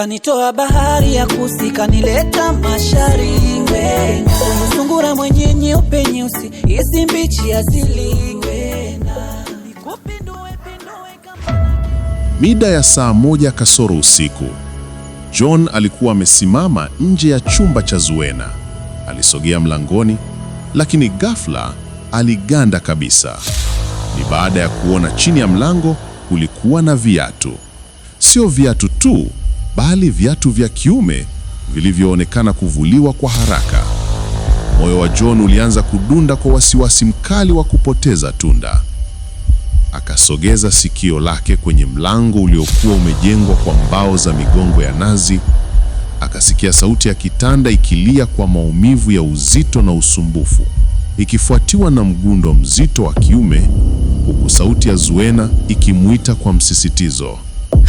Kanitoa bahari ya kusi, kanileta mashari. Wena sungura mwenye nyeupe nyeusi, hizi mbichi asili. Wena mida ya saa moja kasoro usiku, John alikuwa amesimama nje ya chumba cha Zuena. Alisogea mlangoni, lakini ghafla aliganda kabisa. Ni baada ya kuona chini ya mlango kulikuwa na viatu, sio viatu tu bali viatu vya kiume vilivyoonekana kuvuliwa kwa haraka. Moyo wa John ulianza kudunda kwa wasiwasi mkali wa kupoteza tunda. Akasogeza sikio lake kwenye mlango uliokuwa umejengwa kwa mbao za migongo ya nazi. Akasikia sauti ya kitanda ikilia kwa maumivu ya uzito na usumbufu, ikifuatiwa na mgundo mzito wa kiume, huku sauti ya Zuena ikimuita kwa msisitizo.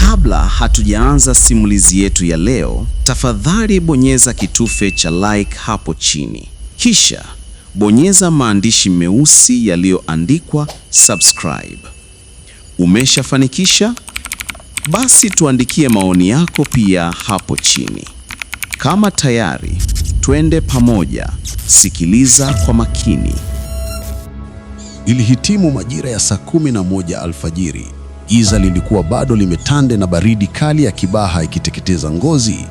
Kabla hatujaanza simulizi yetu ya leo, tafadhali bonyeza kitufe cha like hapo chini, kisha bonyeza maandishi meusi yaliyoandikwa subscribe. Umeshafanikisha? Basi tuandikie maoni yako pia hapo chini. Kama tayari, twende pamoja. Sikiliza kwa makini. Ilihitimu majira ya saa kumi na moja alfajiri Giza lilikuwa bado limetande na baridi kali ya Kibaha ikiteketeza ngozi.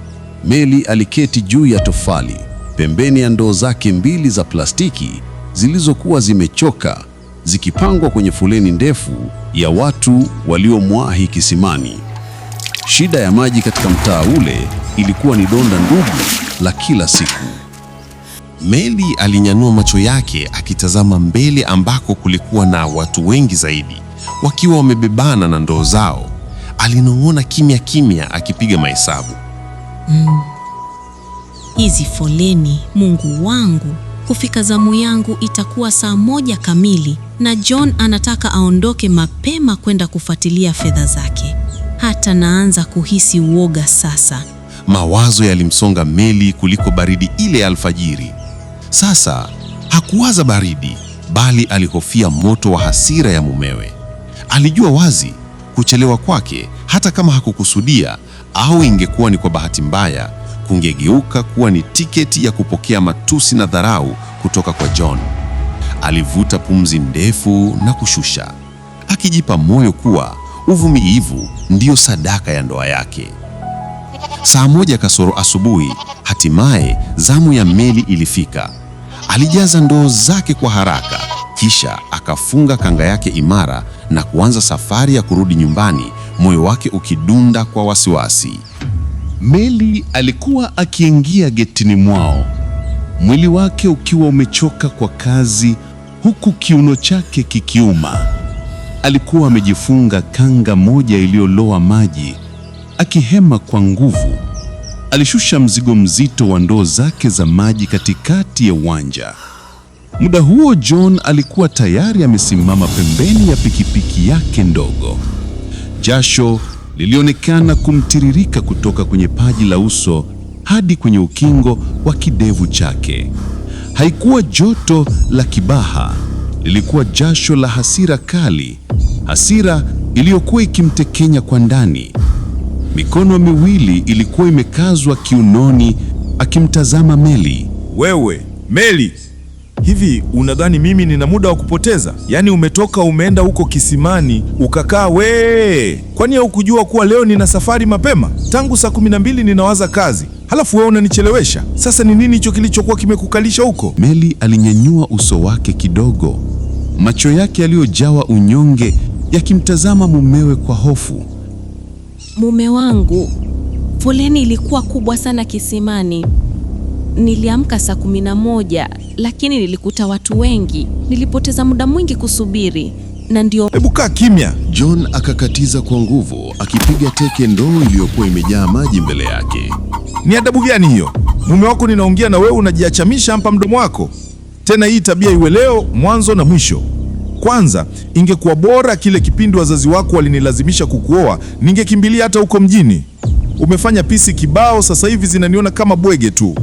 Meli aliketi juu ya tofali pembeni ya ndoo zake mbili za plastiki zilizokuwa zimechoka, zikipangwa kwenye foleni ndefu ya watu waliomwahi kisimani. Shida ya maji katika mtaa ule ilikuwa ni donda ndugu la kila siku. Meli alinyanua macho yake akitazama mbele ambako kulikuwa na watu wengi zaidi wakiwa wamebebana na ndoo zao, alinong'ona kimya kimya akipiga mahesabu. Mm. Hizi mm, foleni! Mungu wangu, kufika zamu yangu itakuwa saa moja kamili, na John anataka aondoke mapema kwenda kufuatilia fedha zake. Hata naanza kuhisi uoga sasa. Mawazo yalimsonga Meli kuliko baridi ile ya alfajiri. Sasa hakuwaza baridi, bali alihofia moto wa hasira ya mumewe. Alijua wazi kuchelewa kwake, hata kama hakukusudia au ingekuwa ni kwa bahati mbaya, kungegeuka kuwa ni tiketi ya kupokea matusi na dharau kutoka kwa John. Alivuta pumzi ndefu na kushusha, akijipa moyo kuwa uvumilivu ndiyo sadaka ya ndoa yake. Saa moja kasoro asubuhi, hatimaye zamu ya meli ilifika. Alijaza ndoo zake kwa haraka kisha akafunga kanga yake imara na kuanza safari ya kurudi nyumbani, moyo wake ukidunda kwa wasiwasi. Meli alikuwa akiingia getini mwao, mwili wake ukiwa umechoka kwa kazi, huku kiuno chake kikiuma. Alikuwa amejifunga kanga moja iliyoloa maji, akihema kwa nguvu. Alishusha mzigo mzito wa ndoo zake za maji katikati ya uwanja. Muda huo John alikuwa tayari amesimama pembeni ya pikipiki yake ndogo. Jasho lilionekana kumtiririka kutoka kwenye paji la uso hadi kwenye ukingo wa kidevu chake. Haikuwa joto la kibaha, lilikuwa jasho la hasira kali, hasira iliyokuwa ikimtekenya kwa ndani. Mikono miwili ilikuwa imekazwa kiunoni, akimtazama Meli. Wewe Meli, Hivi unadhani mimi nina muda wa kupoteza? Yaani umetoka umeenda huko kisimani ukakaa wee, kwani haukujua kuwa leo nina safari mapema? Tangu saa kumi na mbili ninawaza kazi, halafu wewe unanichelewesha. Sasa ni nini hicho kilichokuwa kimekukalisha huko? Meli alinyanyua uso wake kidogo, macho yake yaliyojawa unyonge yakimtazama mumewe kwa hofu. Mume wangu, foleni ilikuwa kubwa sana kisimani Niliamka saa kumi na moja lakini nilikuta watu wengi, nilipoteza muda mwingi kusubiri na ndio... Hebu kaa kimya! John akakatiza kwa nguvu, akipiga teke ndoo iliyokuwa imejaa maji mbele yake. Ni adabu gani hiyo? Mume wako ninaongea na wewe unajiachamisha hapa mdomo wako. Tena hii tabia iwe leo mwanzo na mwisho. Kwanza ingekuwa bora kile kipindi wazazi wako walinilazimisha kukuoa, ningekimbilia hata huko mjini. Umefanya pisi kibao, sasa hivi zinaniona kama bwege tu.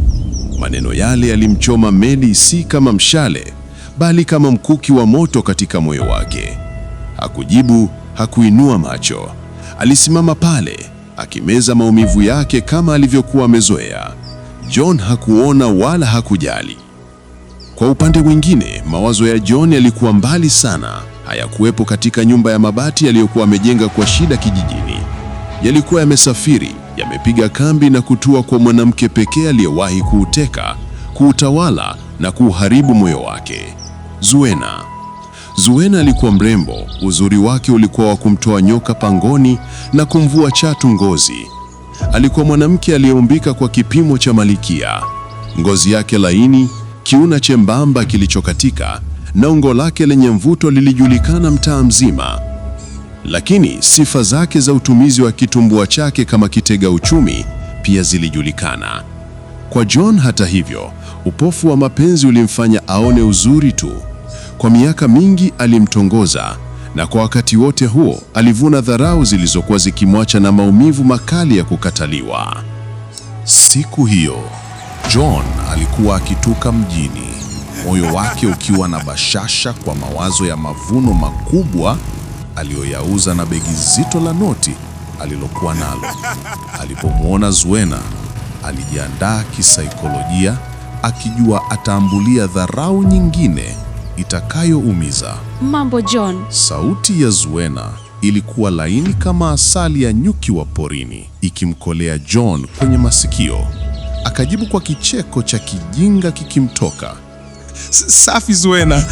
Maneno yale yalimchoma Meli si kama mshale, bali kama mkuki wa moto katika moyo wake. Hakujibu, hakuinua macho. Alisimama pale akimeza maumivu yake kama alivyokuwa amezoea. John hakuona wala hakujali. Kwa upande mwingine, mawazo ya John yalikuwa mbali sana, hayakuwepo katika nyumba ya mabati aliyokuwa amejenga kwa shida kijijini. Yalikuwa yamesafiri wamepiga kambi na kutua kwa mwanamke pekee aliyewahi kuuteka, kuutawala na kuuharibu moyo wake, Zuena. Zuena alikuwa mrembo, uzuri wake ulikuwa wa kumtoa nyoka pangoni na kumvua chatu ngozi. Alikuwa mwanamke aliyeumbika kwa kipimo cha malikia, ngozi yake laini, kiuna chembamba kilichokatika na ungo lake lenye mvuto lilijulikana mtaa mzima lakini sifa zake za utumizi wa kitumbua chake kama kitega uchumi pia zilijulikana. Kwa John, hata hivyo, upofu wa mapenzi ulimfanya aone uzuri tu. Kwa miaka mingi alimtongoza, na kwa wakati wote huo alivuna dharau zilizokuwa zikimwacha na maumivu makali ya kukataliwa. Siku hiyo John alikuwa akituka mjini, moyo wake ukiwa na bashasha kwa mawazo ya mavuno makubwa aliyoyauza na begi zito la noti alilokuwa nalo. Alipomwona Zuena, alijiandaa kisaikolojia, akijua ataambulia dharau nyingine itakayoumiza. Mambo John. Sauti ya Zuena ilikuwa laini kama asali ya nyuki wa porini, ikimkolea John kwenye masikio. Akajibu kwa kicheko cha kijinga kikimtoka. Safi Zuena.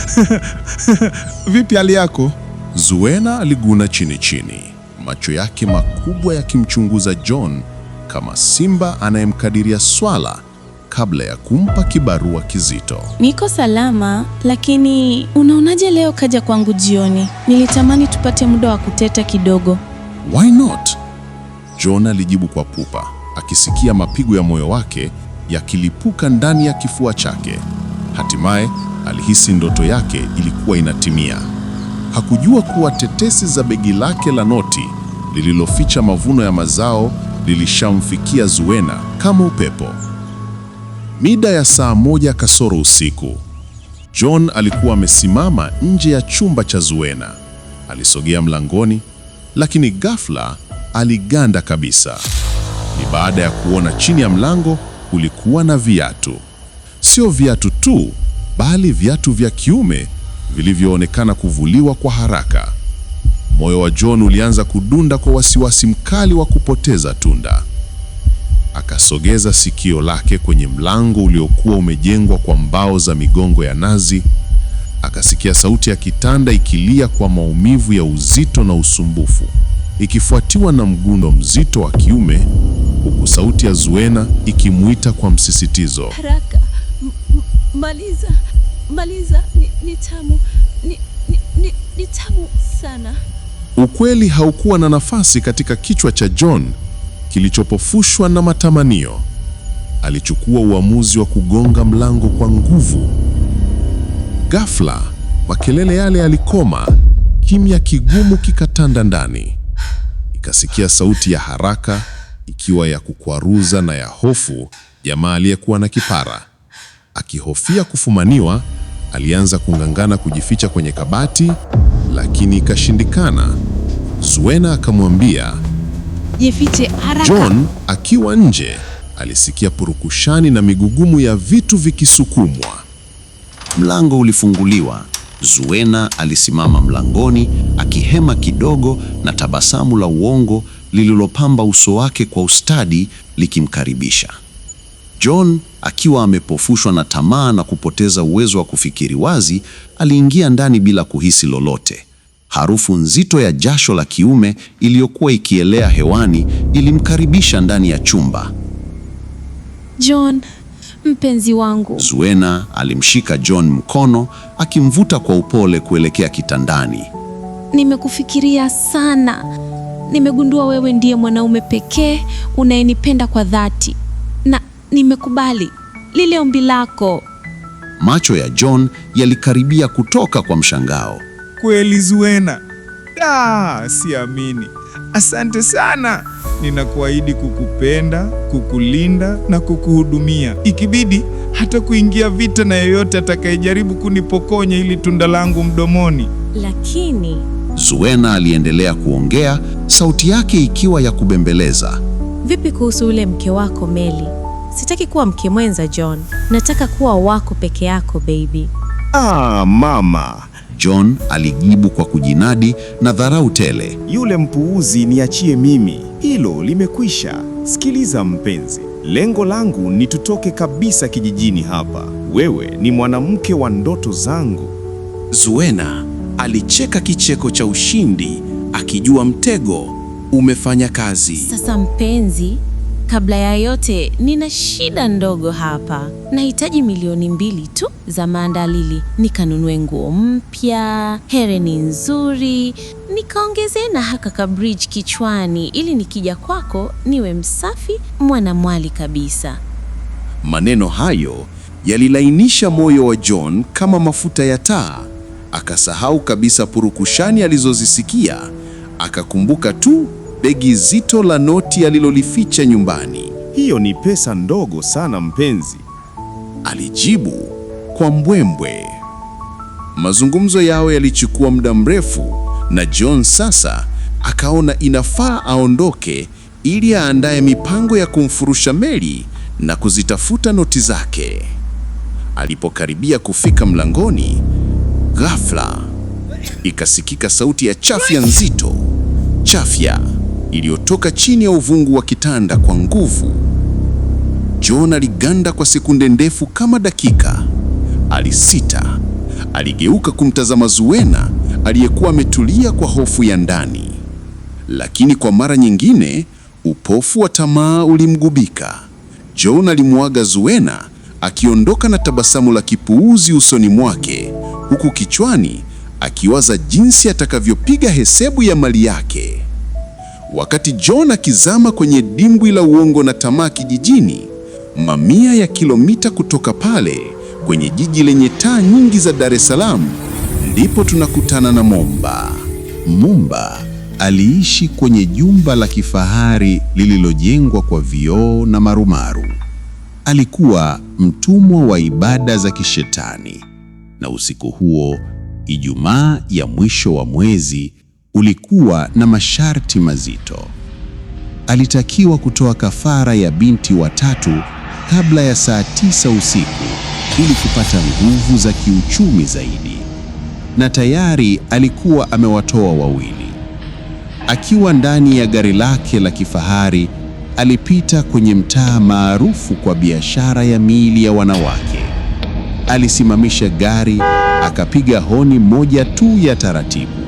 Vipi hali yako? Zuena aliguna chini chini, macho yake makubwa yakimchunguza John kama simba anayemkadiria swala kabla ya kumpa kibarua kizito. Niko salama, lakini unaonaje leo kaja kwangu jioni? Nilitamani tupate muda wa kuteta kidogo. Why not? John alijibu kwa pupa, akisikia mapigo ya moyo wake yakilipuka ndani ya kifua chake. Hatimaye alihisi ndoto yake ilikuwa inatimia. Hakujua kuwa tetesi za begi lake la noti lililoficha mavuno ya mazao lilishamfikia Zuena kama upepo. Mida ya saa moja kasoro usiku, John alikuwa amesimama nje ya chumba cha Zuena. Alisogea mlangoni, lakini ghafla aliganda kabisa. Ni baada ya kuona chini ya mlango kulikuwa na viatu, sio viatu tu, bali viatu vya kiume vilivyoonekana kuvuliwa kwa haraka. Moyo wa John ulianza kudunda kwa wasiwasi mkali wa kupoteza tunda. Akasogeza sikio lake kwenye mlango uliokuwa umejengwa kwa mbao za migongo ya nazi. Akasikia sauti ya kitanda ikilia kwa maumivu ya uzito na usumbufu, ikifuatiwa na mgundo mzito wa kiume, huku sauti ya Zuena ikimuita kwa msisitizo, haraka maliza maliza, ni, ni tamu ni, ni, ni, ni tamu sana. Ukweli haukuwa na nafasi katika kichwa cha John kilichopofushwa na matamanio. Alichukua uamuzi wa kugonga mlango kwa nguvu. Ghafla makelele yale yalikoma, kimya kigumu kikatanda ndani. Ikasikia sauti ya haraka, ikiwa ya kukwaruza na ya hofu, jamaa aliyekuwa na kipara. Akihofia kufumaniwa, alianza kung'ang'ana kujificha kwenye kabati, lakini ikashindikana. Zuena akamwambia jifiche haraka. John akiwa nje alisikia purukushani na migugumu ya vitu vikisukumwa. Mlango ulifunguliwa. Zuena alisimama mlangoni akihema kidogo na tabasamu la uongo lililopamba uso wake kwa ustadi likimkaribisha. John akiwa amepofushwa na tamaa na kupoteza uwezo wa kufikiri wazi, aliingia ndani bila kuhisi lolote. Harufu nzito ya jasho la kiume iliyokuwa ikielea hewani ilimkaribisha ndani ya chumba. John, mpenzi wangu. Zuena alimshika John mkono akimvuta kwa upole kuelekea kitandani. Nimekufikiria sana. Nimegundua wewe ndiye mwanaume pekee unayenipenda kwa dhati nimekubali lile ombi lako. Macho ya John yalikaribia kutoka kwa mshangao. Kweli Zuena? Da, siamini. Asante sana. Ninakuahidi kukupenda, kukulinda na kukuhudumia, ikibidi hata kuingia vita na yeyote atakayejaribu kunipokonya ili tunda langu mdomoni. Lakini Zuena aliendelea kuongea, sauti yake ikiwa ya kubembeleza. Vipi kuhusu yule mke wako Meli? Sitaki kuwa mke mwenza John, nataka kuwa wako peke yako baby. Ah, mama, John alijibu kwa kujinadi na dharau tele. Yule mpuuzi niachie mimi, hilo limekwisha. Sikiliza mpenzi, lengo langu ni tutoke kabisa kijijini hapa. Wewe ni mwanamke wa ndoto zangu. Zuena alicheka kicheko cha ushindi, akijua mtego umefanya kazi. Sasa mpenzi Kabla ya yote, nina shida ndogo hapa. Nahitaji milioni mbili tu za maandalili, nikanunue nguo mpya, hereni nzuri, nikaongezee na haka ka bridge kichwani, ili nikija kwako niwe msafi mwanamwali kabisa. Maneno hayo yalilainisha moyo wa John kama mafuta ya taa. Akasahau kabisa purukushani alizozisikia, akakumbuka tu begi zito la noti alilolificha nyumbani. Hiyo ni pesa ndogo sana mpenzi, alijibu kwa mbwembwe. Mazungumzo yao yalichukua muda mrefu, na John sasa akaona inafaa aondoke ili aandaye mipango ya kumfurusha Mary na kuzitafuta noti zake. Alipokaribia kufika mlangoni, ghafla ikasikika sauti ya chafya nzito, chafya iliyotoka chini ya uvungu wa kitanda kwa nguvu. John aliganda kwa sekunde ndefu kama dakika. Alisita, aligeuka kumtazama Zuena aliyekuwa ametulia kwa hofu ya ndani. Lakini kwa mara nyingine, upofu wa tamaa ulimgubika. John alimwaga Zuena akiondoka na tabasamu la kipuuzi usoni mwake, huku kichwani akiwaza jinsi atakavyopiga hesabu ya mali yake. Wakati John akizama kwenye dimbwi la uongo na tamaa kijijini, mamia ya kilomita kutoka pale kwenye jiji lenye taa nyingi za Dar es Salaam, ndipo tunakutana na Momba. Momba aliishi kwenye jumba la kifahari lililojengwa kwa vioo na marumaru. Alikuwa mtumwa wa ibada za kishetani, na usiku huo, Ijumaa ya mwisho wa mwezi, ulikuwa na masharti mazito. Alitakiwa kutoa kafara ya binti watatu kabla ya saa tisa usiku ili kupata nguvu za kiuchumi zaidi, na tayari alikuwa amewatoa wawili. Akiwa ndani ya gari lake la kifahari, alipita kwenye mtaa maarufu kwa biashara ya miili ya wanawake. Alisimamisha gari, akapiga honi moja tu ya taratibu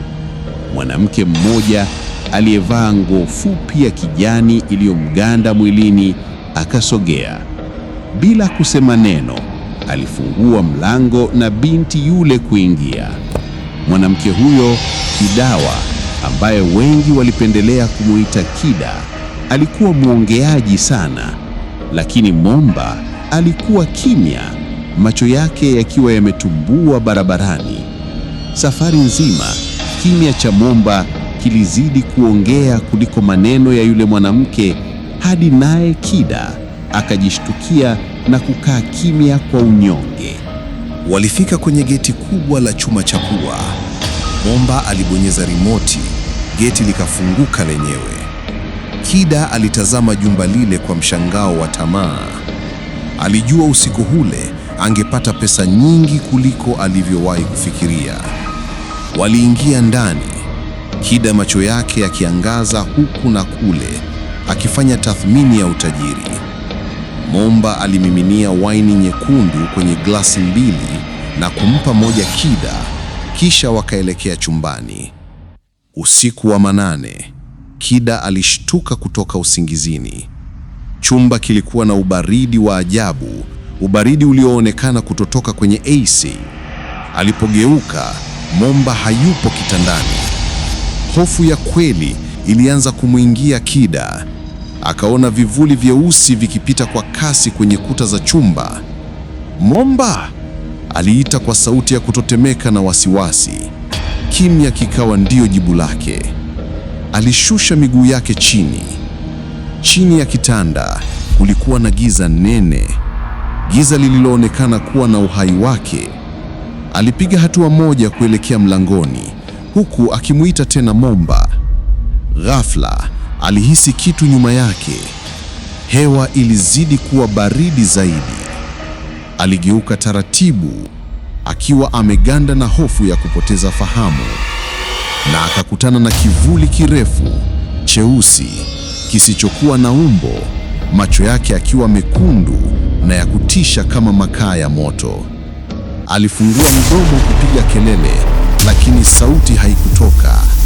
mwanamke mmoja aliyevaa nguo fupi ya kijani iliyomganda mwilini akasogea. Bila kusema neno, alifungua mlango na binti yule kuingia. Mwanamke huyo Kidawa, ambaye wengi walipendelea kumuita Kida, alikuwa mwongeaji sana, lakini Momba alikuwa kimya, macho yake yakiwa yametumbua barabarani. Safari nzima Kimya cha Momba kilizidi kuongea kuliko maneno ya yule mwanamke, hadi naye Kida akajishtukia na kukaa kimya kwa unyonge. Walifika kwenye geti kubwa la chuma cha pua. Momba alibonyeza rimoti, geti likafunguka lenyewe. Kida alitazama jumba lile kwa mshangao wa tamaa. Alijua usiku ule angepata pesa nyingi kuliko alivyowahi kufikiria. Waliingia ndani, Kida macho yake akiangaza huku na kule, akifanya tathmini ya utajiri. Momba alimiminia waini nyekundu kwenye glasi mbili na kumpa moja Kida, kisha wakaelekea chumbani. Usiku wa manane, Kida alishtuka kutoka usingizini. Chumba kilikuwa na ubaridi wa ajabu, ubaridi ulioonekana kutotoka kwenye AC. Alipogeuka Momba hayupo kitandani. Hofu ya kweli ilianza kumwingia Kida. Akaona vivuli vyeusi vikipita kwa kasi kwenye kuta za chumba. Momba! aliita kwa sauti ya kutotemeka na wasiwasi. Kimya kikawa ndiyo jibu lake. Alishusha miguu yake chini. Chini ya kitanda kulikuwa na giza nene, giza lililoonekana kuwa na uhai wake Alipiga hatua moja kuelekea mlangoni, huku akimuita tena Momba. Ghafla alihisi kitu nyuma yake. Hewa ilizidi kuwa baridi zaidi. Aligeuka taratibu, akiwa ameganda na hofu ya kupoteza fahamu, na akakutana na kivuli kirefu cheusi kisichokuwa na umbo, macho yake akiwa mekundu na ya kutisha kama makaa ya moto. Alifungua mdomo kupiga kelele, lakini sauti haikutoka.